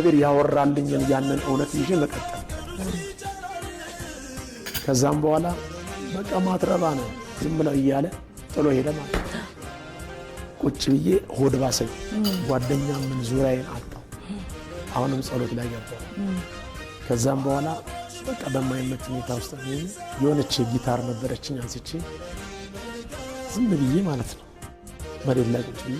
እግዚአብሔር ያወራልኝን ያንን እውነት ይዤ መቀጠል። ከዛም በኋላ በቃ ማትረባ ነው ዝም ብለው እያለ ጥሎ ሄደ ማለት ነው። ቁጭ ብዬ ሆድ ባሰኝ፣ ጓደኛ ምን ዙሪያዬን አጣሁ። አሁንም ጸሎት ላይ ገባሁ። ከዛም በኋላ በቃ በማይመች ሁኔታ ውስጥ የሆነች ጊታር ነበረችኝ አንስቼ ዝም ብዬ ማለት ነው መሬት ላይ ቁጭ ብዬ